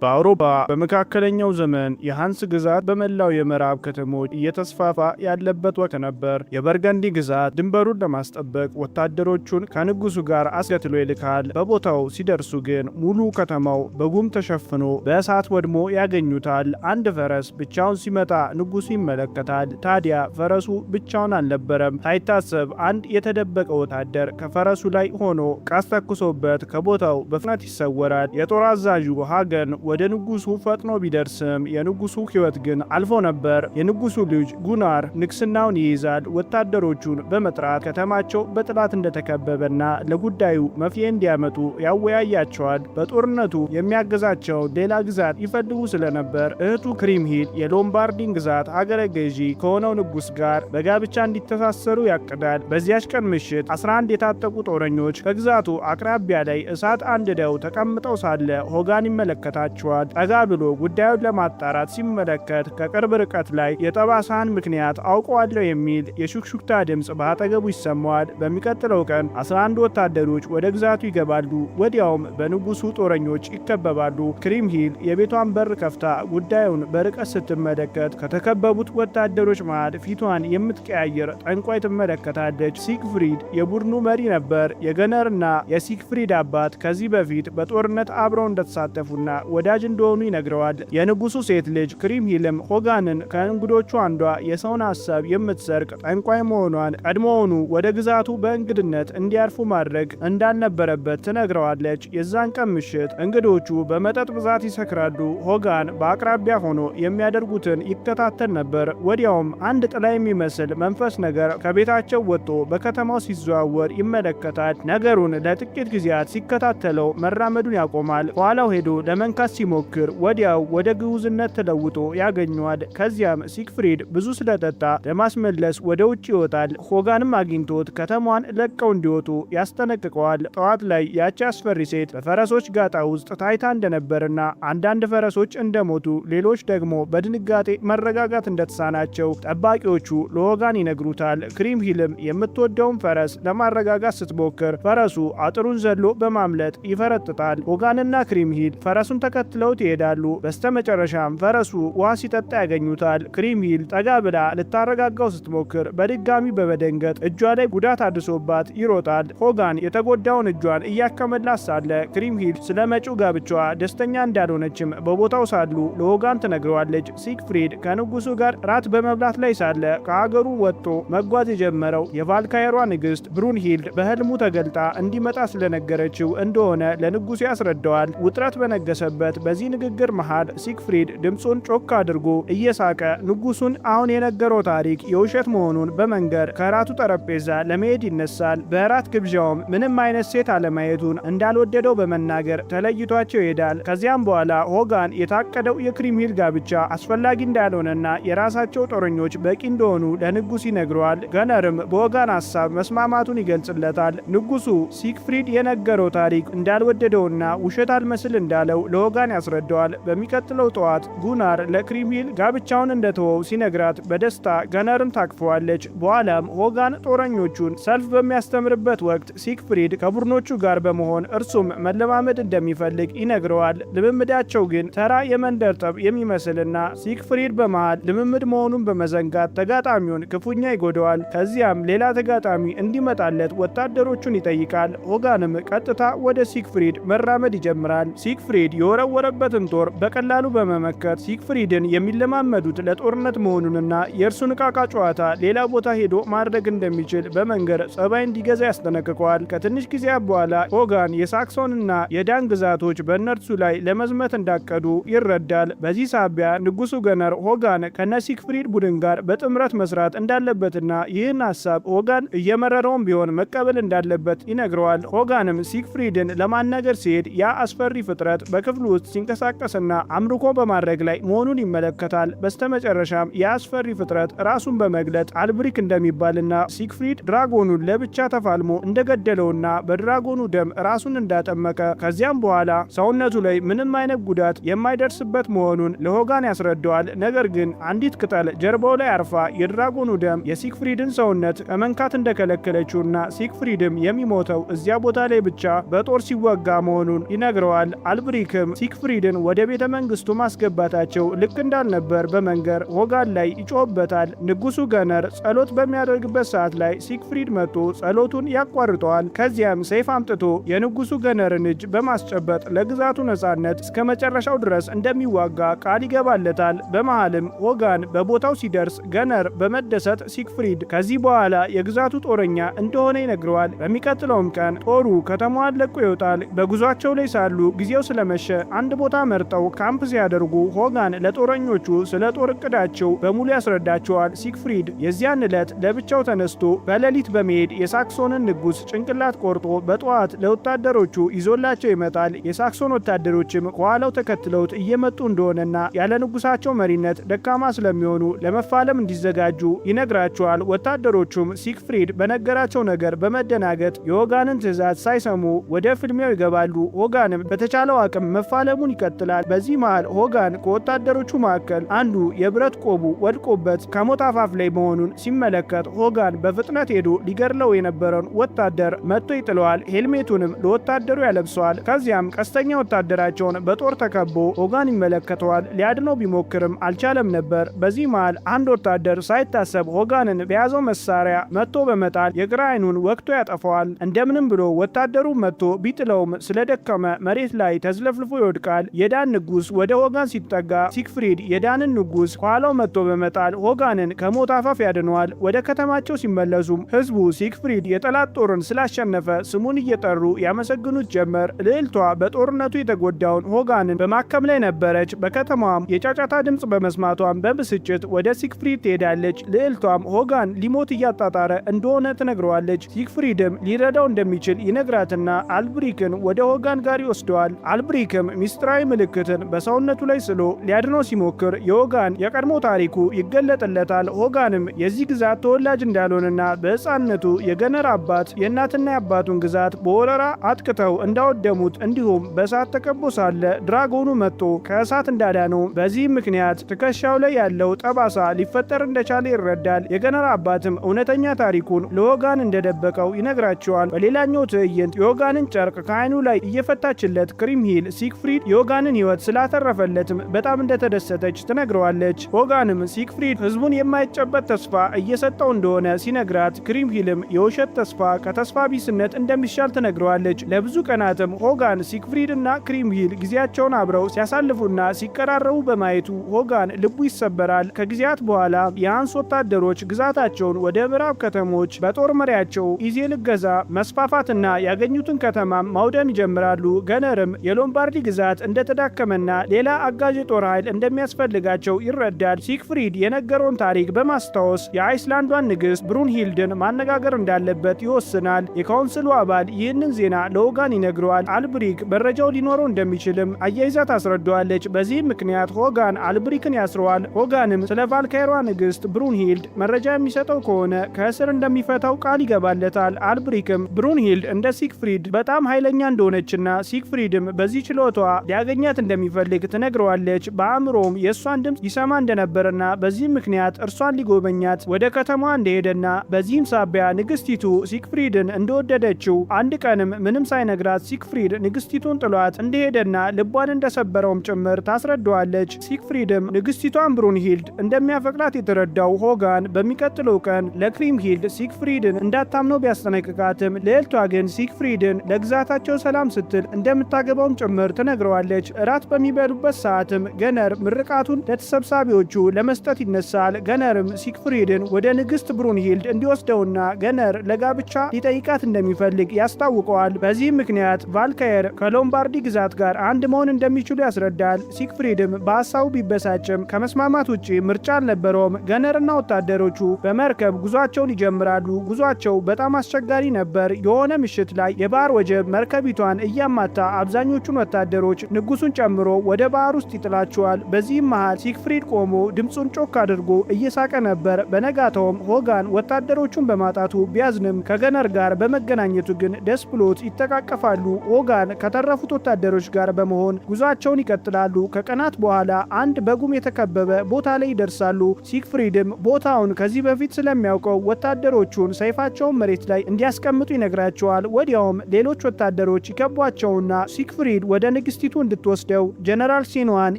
በአውሮፓ በመካከለኛው ዘመን የሃንስ ግዛት በመላው የምዕራብ ከተሞች እየተስፋፋ ያለበት ወቅት ነበር። የበርገንዲ ግዛት ድንበሩን ለማስጠበቅ ወታደሮቹን ከንጉሱ ጋር አስከትሎ ይልካል። በቦታው ሲደርሱ ግን ሙሉ ከተማው በጉም ተሸፍኖ በእሳት ወድሞ ያገኙታል። አንድ ፈረስ ብቻውን ሲመጣ ንጉሱ ይመለከታል። ታዲያ ፈረሱ ብቻውን አልነበረም። ሳይታሰብ አንድ የተደበቀ ወታደር ከፈረሱ ላይ ሆኖ ቀስት ተኩሶበት ከቦታው በፍጥነት ይሰወራል። የጦር አዛዡ ሃገን ወደ ንጉሱ ፈጥኖ ቢደርስም የንጉሱ ሕይወት ግን አልፎ ነበር። የንጉሱ ልጅ ጉናር ንግስናውን ይይዛል። ወታደሮቹን በመጥራት ከተማቸው በጥላት እንደተከበበና ለጉዳዩ መፍትሄ እንዲያመጡ ያወያያቸዋል። በጦርነቱ የሚያገዛቸው ሌላ ግዛት ይፈልጉ ስለነበር እህቱ ክሪምሂል የሎምባርዲን ግዛት አገረ ገዢ ከሆነው ንጉስ ጋር በጋብቻ እንዲተሳሰሩ ያቅዳል። በዚያች ቀን ምሽት 11 የታጠቁ ጦረኞች ከግዛቱ አቅራቢያ ላይ እሳት አንድደው ተቀምጠው ሳለ ሆጋን ይመለከታል ይመስላችኋል? ጠጋ ብሎ ጉዳዩን ለማጣራት ሲመለከት ከቅርብ ርቀት ላይ የጠባሳን ምክንያት አውቀዋለሁ የሚል የሹክሹክታ ድምፅ በአጠገቡ ይሰማዋል። በሚቀጥለው ቀን 11 ወታደሮች ወደ ግዛቱ ይገባሉ። ወዲያውም በንጉሱ ጦረኞች ይከበባሉ። ክሪም ሂል የቤቷን በር ከፍታ ጉዳዩን በርቀት ስትመለከት ከተከበቡት ወታደሮች መሃል ፊቷን የምትቀያየር ጠንቋይ ትመለከታለች። ሲግፍሪድ የቡድኑ መሪ ነበር። የገነርና የሲግፍሪድ አባት ከዚህ በፊት በጦርነት አብረው እንደተሳተፉና ወዳጅ እንደሆኑ ይነግረዋል። የንጉሱ ሴት ልጅ ክሪም ሂልም ሆጋንን ከእንግዶቹ አንዷ የሰውን ሀሳብ የምትሰርቅ ጠንቋይ መሆኗን ቀድሞውኑ ወደ ግዛቱ በእንግድነት እንዲያርፉ ማድረግ እንዳልነበረበት ትነግረዋለች። የዛን ቀን ምሽት እንግዶቹ በመጠጥ ብዛት ይሰክራሉ። ሆጋን በአቅራቢያ ሆኖ የሚያደርጉትን ይከታተል ነበር። ወዲያውም አንድ ጥላ የሚመስል መንፈስ ነገር ከቤታቸው ወጥቶ በከተማው ሲዘዋወር ይመለከታል። ነገሩን ለጥቂት ጊዜያት ሲከታተለው መራመዱን ያቆማል። ኋላው ሄዶ ለመንካ ለመግባት ሲሞክር ወዲያው ወደ ግውዝነት ተለውጦ ያገኘዋል። ከዚያም ሲክፍሪድ ብዙ ስለጠጣ ለማስመለስ ወደ ውጭ ይወጣል። ሆጋንም አግኝቶት ከተማዋን ለቀው እንዲወጡ ያስጠነቅቀዋል። ጠዋት ላይ ያቺ አስፈሪ ሴት በፈረሶች ጋጣ ውስጥ ታይታ እንደነበርና አንዳንድ ፈረሶች እንደሞቱ፣ ሌሎች ደግሞ በድንጋጤ መረጋጋት እንደተሳናቸው ጠባቂዎቹ ለሆጋን ይነግሩታል። ክሪም ሂልም የምትወደውን ፈረስ ለማረጋጋት ስትሞክር ፈረሱ አጥሩን ዘሎ በማምለጥ ይፈረጥጣል። ሆጋንና ክሪም ሂል ፈረሱን ተከ ተከትለውት ይሄዳሉ። በስተመጨረሻም ፈረሱ ውሃ ሲጠጣ ያገኙታል። ክሪምሂልድ ጠጋ ብላ ልታረጋጋው ስትሞክር በድጋሚ በመደንገጥ እጇ ላይ ጉዳት አድርሶባት ይሮጣል። ሆጋን የተጎዳውን እጇን እያከመላት ሳለ ክሪምሂል ስለ መጪው ጋብቻዋ ደስተኛ እንዳልሆነችም በቦታው ሳሉ ለሆጋን ትነግረዋለች። ሲግፍሪድ ከንጉሱ ጋር ራት በመብላት ላይ ሳለ ከሀገሩ ወጥቶ መጓዝ የጀመረው የቫልካየሯ ንግሥት ብሩንሂልድ በህልሙ ተገልጣ እንዲመጣ ስለነገረችው እንደሆነ ለንጉሱ ያስረዳዋል። ውጥረት በነገሰበት ባለበት በዚህ ንግግር መሃል ሲክፍሪድ ድምፁን ጮክ አድርጎ እየሳቀ ንጉሱን አሁን የነገረው ታሪክ የውሸት መሆኑን በመንገር ከራቱ ጠረጴዛ ለመሄድ ይነሳል። በእራት ግብዣውም ምንም አይነት ሴት አለማየቱን እንዳልወደደው በመናገር ተለይቷቸው ይሄዳል። ከዚያም በኋላ ሆጋን የታቀደው የክሪምሂልድ ጋብቻ አስፈላጊ እንዳልሆነና የራሳቸው ጦረኞች በቂ እንደሆኑ ለንጉስ ይነግረዋል። ገነርም በሆጋን ሀሳብ መስማማቱን ይገልጽለታል። ንጉሱ ሲክፍሪድ የነገረው ታሪክ እንዳልወደደውና ውሸት አልመስል እንዳለው ለሆ ሎጋን ያስረዳዋል። በሚቀጥለው ጠዋት ጉናር ለክሪምሂል ጋብቻውን እንደተወው ሲነግራት በደስታ ገነርን ታቅፈዋለች። በኋላም ሆጋን ጦረኞቹን ሰልፍ በሚያስተምርበት ወቅት ሲክፍሪድ ከቡድኖቹ ጋር በመሆን እርሱም መለማመድ እንደሚፈልግ ይነግረዋል። ልምምዳቸው ግን ተራ የመንደር ጠብ የሚመስልና ሲክፍሪድ በመሃል ልምምድ መሆኑን በመዘንጋት ተጋጣሚውን ክፉኛ ይጎደዋል። ከዚያም ሌላ ተጋጣሚ እንዲመጣለት ወታደሮቹን ይጠይቃል። ሆጋንም ቀጥታ ወደ ሲክፍሪድ መራመድ ይጀምራል። ሲክፍሪድ የወረ በወረወረበትም ጦር በቀላሉ በመመከት ሲክፍሪድን የሚለማመዱት ለጦርነት መሆኑንና የእርሱን ቃቃ ጨዋታ ሌላ ቦታ ሄዶ ማድረግ እንደሚችል በመንገር ጸባይ እንዲገዛ ያስጠነቅቀዋል። ከትንሽ ጊዜያት በኋላ ኦጋን የሳክሶንና የዳን ግዛቶች በእነርሱ ላይ ለመዝመት እንዳቀዱ ይረዳል። በዚህ ሳቢያ ንጉሱ ገነር ሆጋን ከነሲክፍሪድ ቡድን ጋር በጥምረት መስራት እንዳለበትና ይህን ሀሳብ ሆጋን እየመረረውም ቢሆን መቀበል እንዳለበት ይነግረዋል። ሆጋንም ሲክፍሪድን ለማናገር ሲሄድ ያ አስፈሪ ፍጥረት በክፍሉ ውስጥ ሲንቀሳቀስና አምልኮ በማድረግ ላይ መሆኑን ይመለከታል። በስተመጨረሻም የአስፈሪ ፍጥረት ራሱን በመግለጥ አልብሪክ እንደሚባልና ሲክፍሪድ ድራጎኑን ለብቻ ተፋልሞ እንደገደለውና በድራጎኑ ደም ራሱን እንዳጠመቀ ከዚያም በኋላ ሰውነቱ ላይ ምንም አይነት ጉዳት የማይደርስበት መሆኑን ለሆጋን ያስረደዋል። ነገር ግን አንዲት ቅጠል ጀርባው ላይ አርፋ የድራጎኑ ደም የሲክፍሪድን ሰውነት ከመንካት እንደከለከለችውና ሲክፍሪድም የሚሞተው እዚያ ቦታ ላይ ብቻ በጦር ሲወጋ መሆኑን ይነግረዋል። አልብሪክም ሲክፍሪድን ወደ ቤተ መንግስቱ ማስገባታቸው ልክ እንዳልነበር በመንገር ሆጋን ላይ ይጮህበታል። ንጉሱ ገነር ጸሎት በሚያደርግበት ሰዓት ላይ ሲክፍሪድ መጥቶ ጸሎቱን ያቋርጠዋል። ከዚያም ሰይፍ አምጥቶ የንጉሱ ገነርን እጅ በማስጨበጥ ለግዛቱ ነጻነት እስከ መጨረሻው ድረስ እንደሚዋጋ ቃል ይገባለታል። በመሃልም ሆጋን በቦታው ሲደርስ ገነር በመደሰት ሲክፍሪድ ከዚህ በኋላ የግዛቱ ጦረኛ እንደሆነ ይነግረዋል። በሚቀጥለውም ቀን ጦሩ ከተማዋን ለቆ ይወጣል። በጉዟቸው ላይ ሳሉ ጊዜው ስለመሸ አንድ ቦታ መርጠው ካምፕ ሲያደርጉ ሆጋን ለጦረኞቹ ስለ ጦር እቅዳቸው በሙሉ ያስረዳቸዋል። ሲክፍሪድ የዚያን ዕለት ለብቻው ተነስቶ በሌሊት በመሄድ የሳክሶንን ንጉሥ ጭንቅላት ቆርጦ በጠዋት ለወታደሮቹ ይዞላቸው ይመጣል። የሳክሶን ወታደሮችም ከኋላው ተከትለውት እየመጡ እንደሆነና ያለ ንጉሳቸው መሪነት ደካማ ስለሚሆኑ ለመፋለም እንዲዘጋጁ ይነግራቸዋል። ወታደሮቹም ሲክፍሪድ በነገራቸው ነገር በመደናገጥ የሆጋንን ትዕዛዝ ሳይሰሙ ወደ ፍልሚያው ይገባሉ። ሆጋንም በተቻለው አቅም መፋ መፋለሙን ይቀጥላል። በዚህ መሃል ሆጋን ከወታደሮቹ መካከል አንዱ የብረት ቆቡ ወድቆበት ከሞት አፋፍ ላይ መሆኑን ሲመለከት ሆጋን በፍጥነት ሄዶ ሊገድለው የነበረውን ወታደር መጥቶ ይጥለዋል። ሄልሜቱንም ለወታደሩ ያለብሰዋል። ከዚያም ቀስተኛ ወታደራቸውን በጦር ተከቦ ሆጋን ይመለከተዋል። ሊያድነው ቢሞክርም አልቻለም ነበር። በዚህ መሃል አንድ ወታደር ሳይታሰብ ሆጋንን በያዘው መሳሪያ መጥቶ በመጣል የግራ አይኑን ወቅቶ ያጠፋዋል። እንደምንም ብሎ ወታደሩ መጥቶ ቢጥለውም ስለደከመ መሬት ላይ ተዝለፍልፎ ይወድቃል። የዳን ንጉስ ወደ ሆጋን ሲጠጋ ሲክፍሪድ የዳንን ንጉስ ኋላው መጥቶ በመጣል ሆጋንን ከሞት አፋፍ ያድነዋል። ወደ ከተማቸው ሲመለሱም ህዝቡ ሲክፍሪድ የጠላት ጦርን ስላሸነፈ ስሙን እየጠሩ ያመሰግኑት ጀመር። ልዕልቷ በጦርነቱ የተጎዳውን ሆጋንን በማከም ላይ ነበረች። በከተማዋም የጫጫታ ድምፅ በመስማቷም በብስጭት ወደ ሲክፍሪድ ትሄዳለች። ልዕልቷም ሆጋን ሊሞት እያጣጣረ እንደሆነ ትነግረዋለች። ሲክፍሪድም ሊረዳው እንደሚችል ይነግራትና አልብሪክን ወደ ሆጋን ጋር ይወስደዋል። አልብሪክም ሚስጥራዊ ምልክትን በሰውነቱ ላይ ስሎ ሊያድነው ሲሞክር የሆጋን የቀድሞ ታሪኩ ይገለጥለታል። ሆጋንም የዚህ ግዛት ተወላጅ እንዳልሆነና በሕፃንነቱ የገነር አባት የእናትና የአባቱን ግዛት በወረራ አጥቅተው እንዳወደሙት እንዲሁም በእሳት ተከቦ ሳለ ድራጎኑ መጥቶ ከእሳት እንዳዳነው በዚህም ምክንያት ትከሻው ላይ ያለው ጠባሳ ሊፈጠር እንደቻለ ይረዳል። የገነር አባትም እውነተኛ ታሪኩን ለሆጋን እንደደበቀው ይነግራቸዋል። በሌላኛው ትዕይንት የሆጋንን ጨርቅ ከአይኑ ላይ እየፈታችለት ክሪም ሂል ሲክ ሲክፍሪድ የኦጋንን ህይወት ስላተረፈለትም በጣም እንደተደሰተች ትነግረዋለች። ኦጋንም ሲክፍሪድ ህዝቡን የማይጨበት ተስፋ እየሰጠው እንደሆነ ሲነግራት፣ ክሪምሂልም የውሸት ተስፋ ከተስፋ ቢስነት እንደሚሻል ትነግረዋለች። ለብዙ ቀናትም ሆጋን ክሪም ክሪምሂል ጊዜያቸውን አብረው ሲያሳልፉና ሲቀራረቡ በማየቱ ሆጋን ልቡ ይሰበራል። ከጊዜያት በኋላ የአንስ ወታደሮች ግዛታቸውን ወደ ምዕራብ ከተሞች በጦር መሪያቸው ኢዜል እገዛ መስፋፋትና ያገኙትን ከተማም ማውደም ይጀምራሉ። ገነርም የሎምባርዲ ግዛት እንደተዳከመና ሌላ አጋዥ የጦር ኃይል እንደሚያስፈልጋቸው ይረዳል። ሲክፍሪድ የነገረውን ታሪክ በማስታወስ የአይስላንዷን ንግሥት ብሩንሂልድን ማነጋገር እንዳለበት ይወስናል። የካውንስሉ አባል ይህንን ዜና ለሆጋን ይነግረዋል። አልብሪክ መረጃው ሊኖረው እንደሚችልም አያይዛ ታስረዳዋለች። በዚህም ምክንያት ሆጋን አልብሪክን ያስረዋል። ሆጋንም ስለ ቫልካይሯ ንግሥት ብሩንሂልድ መረጃ የሚሰጠው ከሆነ ከእስር እንደሚፈታው ቃል ይገባለታል። አልብሪክም ብሩንሂልድ እንደ ሲክፍሪድ በጣም ኃይለኛ እንደሆነችና ሲክፍሪድም በዚህ ችሎቷ ሊያገኛት እንደሚፈልግ ትነግረዋለች። በአእምሮም የእሷን ድምፅ ይሰማ እንደነበረና በዚህም ምክንያት እርሷን ሊጎበኛት ወደ ከተማ እንደሄደና በዚህም ሳቢያ ንግስቲቱ ሲክፍሪድን እንደወደደችው አንድ ቀንም ምንም ሳይነግራት ሲክፍሪድ ንግስቲቱን ጥሏት እንደሄደና ልቧን እንደሰበረውም ጭምር ታስረዳዋለች። ሲክፍሪድም ንግስቲቷን ብሩንሂልድ እንደሚያፈቅራት የተረዳው ሆጋን በሚቀጥለው ቀን ለክሪም ሂልድ ሲክፍሪድን እንዳታምነው ቢያስጠነቅቃትም ልዕልቷ ግን ሲክፍሪድን ለግዛታቸው ሰላም ስትል እንደምታገባውም ጭምር ትነ ትነግረዋለች። እራት በሚበሉበት ሰዓትም ገነር ምርቃቱን ለተሰብሳቢዎቹ ለመስጠት ይነሳል። ገነርም ሲክፍሪድን ወደ ንግሥት ብሩንሂልድ እንዲወስደውና ገነር ለጋብቻ ሊጠይቃት እንደሚፈልግ ያስታውቀዋል። በዚህም ምክንያት ቫልካየር ከሎምባርዲ ግዛት ጋር አንድ መሆን እንደሚችሉ ያስረዳል። ሲክፍሪድም በሀሳቡ ቢበሳጭም ከመስማማት ውጭ ምርጫ አልነበረውም። ገነርና ወታደሮቹ በመርከብ ጉዟቸውን ይጀምራሉ። ጉዟቸው በጣም አስቸጋሪ ነበር። የሆነ ምሽት ላይ የባህር ወጀብ መርከቢቷን እያማታ አብዛኞቹን ወታደሮች ወታደሮች ንጉሱን ጨምሮ ወደ ባህር ውስጥ ይጥላቸዋል። በዚህም መሃል ሲክፍሪድ ቆሞ ድምፁን ጮክ አድርጎ እየሳቀ ነበር። በነጋታውም ሆጋን ወታደሮቹን በማጣቱ ቢያዝንም ከገነር ጋር በመገናኘቱ ግን ደስ ብሎት ይጠቃቀፋሉ። ሆጋን ከተረፉት ወታደሮች ጋር በመሆን ጉዟቸውን ይቀጥላሉ። ከቀናት በኋላ አንድ በጉም የተከበበ ቦታ ላይ ይደርሳሉ። ሲክፍሪድም ቦታውን ከዚህ በፊት ስለሚያውቀው ወታደሮቹን ሰይፋቸውን መሬት ላይ እንዲያስቀምጡ ይነግራቸዋል። ወዲያውም ሌሎች ወታደሮች ይከቧቸውና ሲክፍሪድ ወደ ንግስ ንግስቲቱ እንድትወስደው ጀነራል ሲንዋን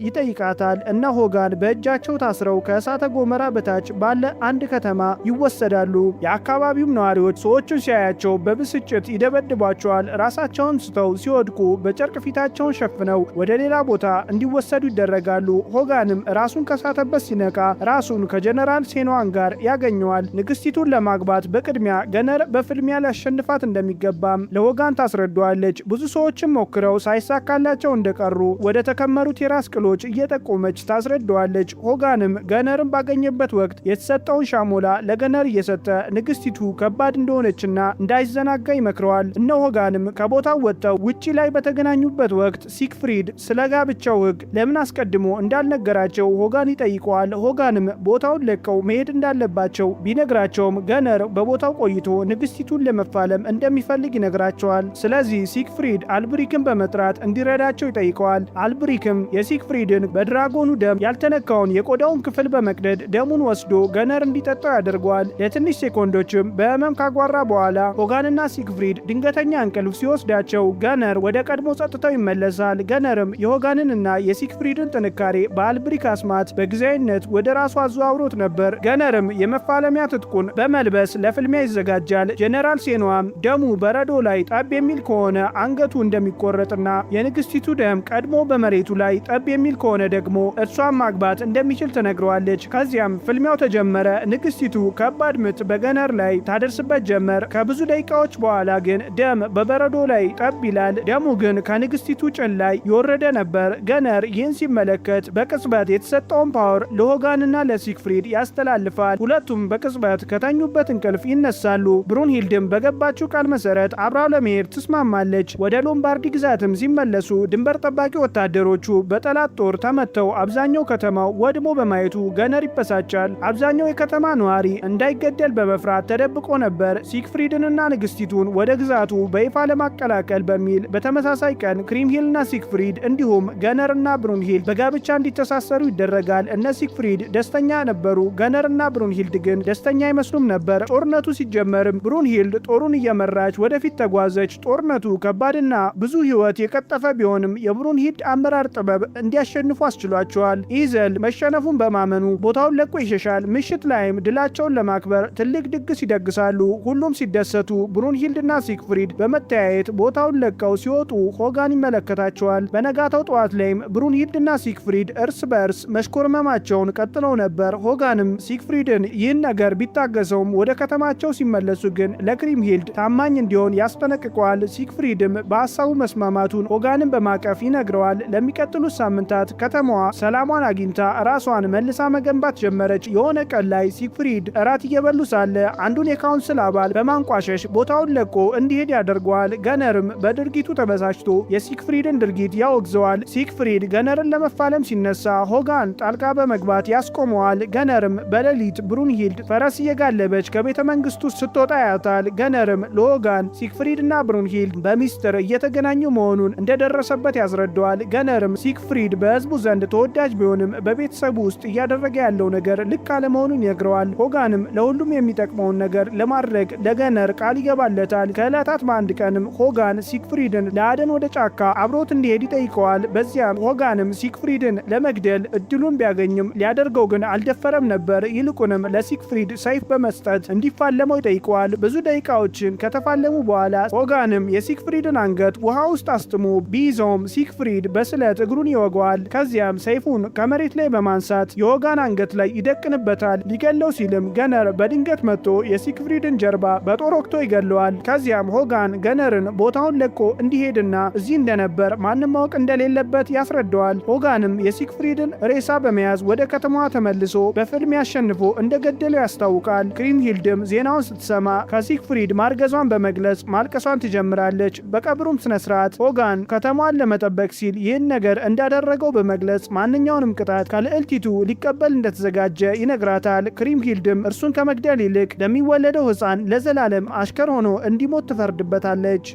ይጠይቃታል እና ሆጋን በእጃቸው ታስረው ከእሳተ ጎመራ በታች ባለ አንድ ከተማ ይወሰዳሉ። የአካባቢውም ነዋሪዎች ሰዎቹን ሲያያቸው በብስጭት ይደበድቧቸዋል። ራሳቸውን ስተው ሲወድቁ በጨርቅ ፊታቸውን ሸፍነው ወደ ሌላ ቦታ እንዲወሰዱ ይደረጋሉ። ሆጋንም ራሱን ከሳተበት ሲነቃ ራሱን ከጀነራል ሴንዋን ጋር ያገኘዋል። ንግስቲቱን ለማግባት በቅድሚያ ገነር በፍልሚያ ሊያሸንፋት እንደሚገባም ለሆጋን ታስረዳዋለች። ብዙ ሰዎችም ሞክረው ሳይሳካላቸው ብቻቸው እንደቀሩ ወደ ተከመሩት የራስ ቅሎች እየጠቆመች ታስረዳዋለች። ሆጋንም ገነርን ባገኘበት ወቅት የተሰጠውን ሻሞላ ለገነር እየሰጠ ንግስቲቱ ከባድ እንደሆነችና እንዳይዘናጋ ይመክረዋል። እነ ሆጋንም ከቦታው ወጥተው ውጪ ላይ በተገናኙበት ወቅት ሲክፍሪድ ስለ ጋብቻው ህግ ለምን አስቀድሞ እንዳልነገራቸው ሆጋን ይጠይቀዋል። ሆጋንም ቦታውን ለቀው መሄድ እንዳለባቸው ቢነግራቸውም ገነር በቦታው ቆይቶ ንግስቲቱን ለመፋለም እንደሚፈልግ ይነግራቸዋል። ስለዚህ ሲክፍሪድ አልብሪክን በመጥራት እንዲረዳ እንዲሰጣቸው ይጠይቀዋል። አልብሪክም የሲክፍሪድን በድራጎኑ ደም ያልተነካውን የቆዳውን ክፍል በመቅደድ ደሙን ወስዶ ገነር እንዲጠጣው ያደርገዋል። ለትንሽ ሴኮንዶችም በህመም ካጓራ በኋላ ሆጋንና ሲክፍሪድ ድንገተኛ እንቅልፍ ሲወስዳቸው ገነር ወደ ቀድሞ ጸጥታው ይመለሳል። ገነርም የሆጋንንና የሲክፍሪድን ጥንካሬ በአልብሪክ አስማት በጊዜያዊነት ወደ ራሱ አዘዋውሮት ነበር። ገነርም የመፋለሚያ ትጥቁን በመልበስ ለፍልሚያ ይዘጋጃል። ጄኔራል ሴኗም ደሙ በረዶ ላይ ጠብ የሚል ከሆነ አንገቱ እንደሚቆረጥና የንግስት የአክስቲቱ ደም ቀድሞ በመሬቱ ላይ ጠብ የሚል ከሆነ ደግሞ እሷን ማግባት እንደሚችል ተነግረዋለች። ከዚያም ፍልሚያው ተጀመረ። ንግስቲቱ ከባድ ምት በገነር ላይ ታደርስበት ጀመር። ከብዙ ደቂቃዎች በኋላ ግን ደም በበረዶ ላይ ጠብ ይላል። ደሙ ግን ከንግስቲቱ ጭን ላይ የወረደ ነበር። ገነር ይህን ሲመለከት በቅጽበት የተሰጠውን ፓወር ለሆጋንና ለሲክፍሪድ ያስተላልፋል። ሁለቱም በቅጽበት ከተኙበት እንቅልፍ ይነሳሉ። ብሩንሂልድም በገባችው ቃል መሰረት አብራው ለመሄድ ትስማማለች። ወደ ሎምባርዲ ግዛትም ሲመለሱ ድንበር ጠባቂ ወታደሮቹ በጠላት ጦር ተመተው አብዛኛው ከተማው ወድሞ በማየቱ ገነር ይበሳጫል። አብዛኛው የከተማ ነዋሪ እንዳይገደል በመፍራት ተደብቆ ነበር። ሲክፍሪድንና ንግስቲቱን ወደ ግዛቱ በይፋ ለማቀላቀል በሚል በተመሳሳይ ቀን ክሪምሂልና ሲክፍሪድ እንዲሁም ገነርና ብሩንሂልድ በጋብቻ እንዲተሳሰሩ ይደረጋል። እነ ሲክፍሪድ ደስተኛ ነበሩ። ገነርና ብሩንሂልድ ግን ደስተኛ አይመስሉም ነበር። ጦርነቱ ሲጀመርም ብሩንሂልድ ጦሩን እየመራች ወደፊት ተጓዘች። ጦርነቱ ከባድና ብዙ ሕይወት የቀጠፈ ቢሆን ቢሆንም የብሩንሂልድ አመራር ጥበብ እንዲያሸንፉ አስችሏቸዋል። ኢዘል መሸነፉን በማመኑ ቦታውን ለቆ ይሸሻል። ምሽት ላይም ድላቸውን ለማክበር ትልቅ ድግስ ይደግሳሉ። ሁሉም ሲደሰቱ ብሩንሂልድና ሲክፍሪድ በመተያየት ቦታውን ለቀው ሲወጡ ሆጋን ይመለከታቸዋል። በነጋታው ጠዋት ላይም ብሩንሂልድና ሲክፍሪድ እርስ በእርስ መሽኮርመማቸውን ቀጥለው ነበር። ሆጋንም ሲክፍሪድን ይህን ነገር ቢታገሰውም ወደ ከተማቸው ሲመለሱ ግን ለክሪምሂልድ ታማኝ እንዲሆን ያስጠነቅቀዋል። ሲክፍሪድም በሀሳቡ መስማማቱን ሆጋንም ማቀፍ ይነግረዋል። ለሚቀጥሉት ሳምንታት ከተማዋ ሰላሟን አግኝታ ራሷን መልሳ መገንባት ጀመረች። የሆነ ቀን ላይ ሲክፍሪድ እራት እየበሉ ሳለ አንዱን የካውንስል አባል በማንቋሸሽ ቦታውን ለቆ እንዲሄድ ያደርገዋል። ገነርም በድርጊቱ ተበሳጭቶ የሲክፍሪድን ድርጊት ያወግዘዋል። ሲክፍሪድ ገነርን ለመፋለም ሲነሳ ሆጋን ጣልቃ በመግባት ያስቆመዋል። ገነርም በሌሊት ብሩንሂልድ ፈረስ እየጋለበች ከቤተ መንግስቱ ስትወጣ ያታል። ገነርም ለሆጋን ሲክፍሪድና ብሩንሂልድ በሚስጥር እየተገናኙ መሆኑን እንደደረሰ እንደደረሰበት ያስረዳዋል። ገነርም ሲክፍሪድ በህዝቡ ዘንድ ተወዳጅ ቢሆንም በቤተሰቡ ውስጥ እያደረገ ያለው ነገር ልክ አለመሆኑን ይነግረዋል። ሆጋንም ለሁሉም የሚጠቅመውን ነገር ለማድረግ ለገነር ቃል ይገባለታል። ከዕለታት በአንድ ቀንም ሆጋን ሲክፍሪድን ለአደን ወደ ጫካ አብሮት እንዲሄድ ይጠይቀዋል። በዚያም ሆጋንም ሲክፍሪድን ለመግደል እድሉን ቢያገኝም ሊያደርገው ግን አልደፈረም ነበር። ይልቁንም ለሲክፍሪድ ሰይፍ በመስጠት እንዲፋለመው ይጠይቀዋል። ብዙ ደቂቃዎችን ከተፋለሙ በኋላ ሆጋንም የሲክፍሪድን አንገት ውሃ ውስጥ አስጥሞ ቢይዘው ሲደርሰውም ሲክፍሪድ በስለት እግሩን ይወገዋል። ከዚያም ሰይፉን ከመሬት ላይ በማንሳት የወጋን አንገት ላይ ይደቅንበታል። ሊገለው ሲልም ገነር በድንገት መጥቶ የሲክፍሪድን ጀርባ በጦር ወቅቶ ይገለዋል። ከዚያም ሆጋን ገነርን ቦታውን ለቆ እንዲሄድና እዚህ እንደነበር ማንም ማወቅ እንደሌለበት ያስረዳዋል። ሆጋንም የሲክፍሪድን ሬሳ በመያዝ ወደ ከተማዋ ተመልሶ በፍልም ያሸንፎ እንደገደለው ያስታውቃል። ክሪምሂልድም ዜናውን ስትሰማ ከሲክፍሪድ ማርገዟን በመግለጽ ማልቀሷን ትጀምራለች። በቀብሩም ስነስርዓት ሆጋን ከተማ ራሷን ለመጠበቅ ሲል ይህን ነገር እንዳደረገው በመግለጽ ማንኛውንም ቅጣት ከልዕልቲቱ ሊቀበል እንደተዘጋጀ ይነግራታል። ክሪም ሂልድም እርሱን ከመግደል ይልቅ ለሚወለደው ሕፃን ለዘላለም አሽከር ሆኖ እንዲሞት ትፈርድበታለች።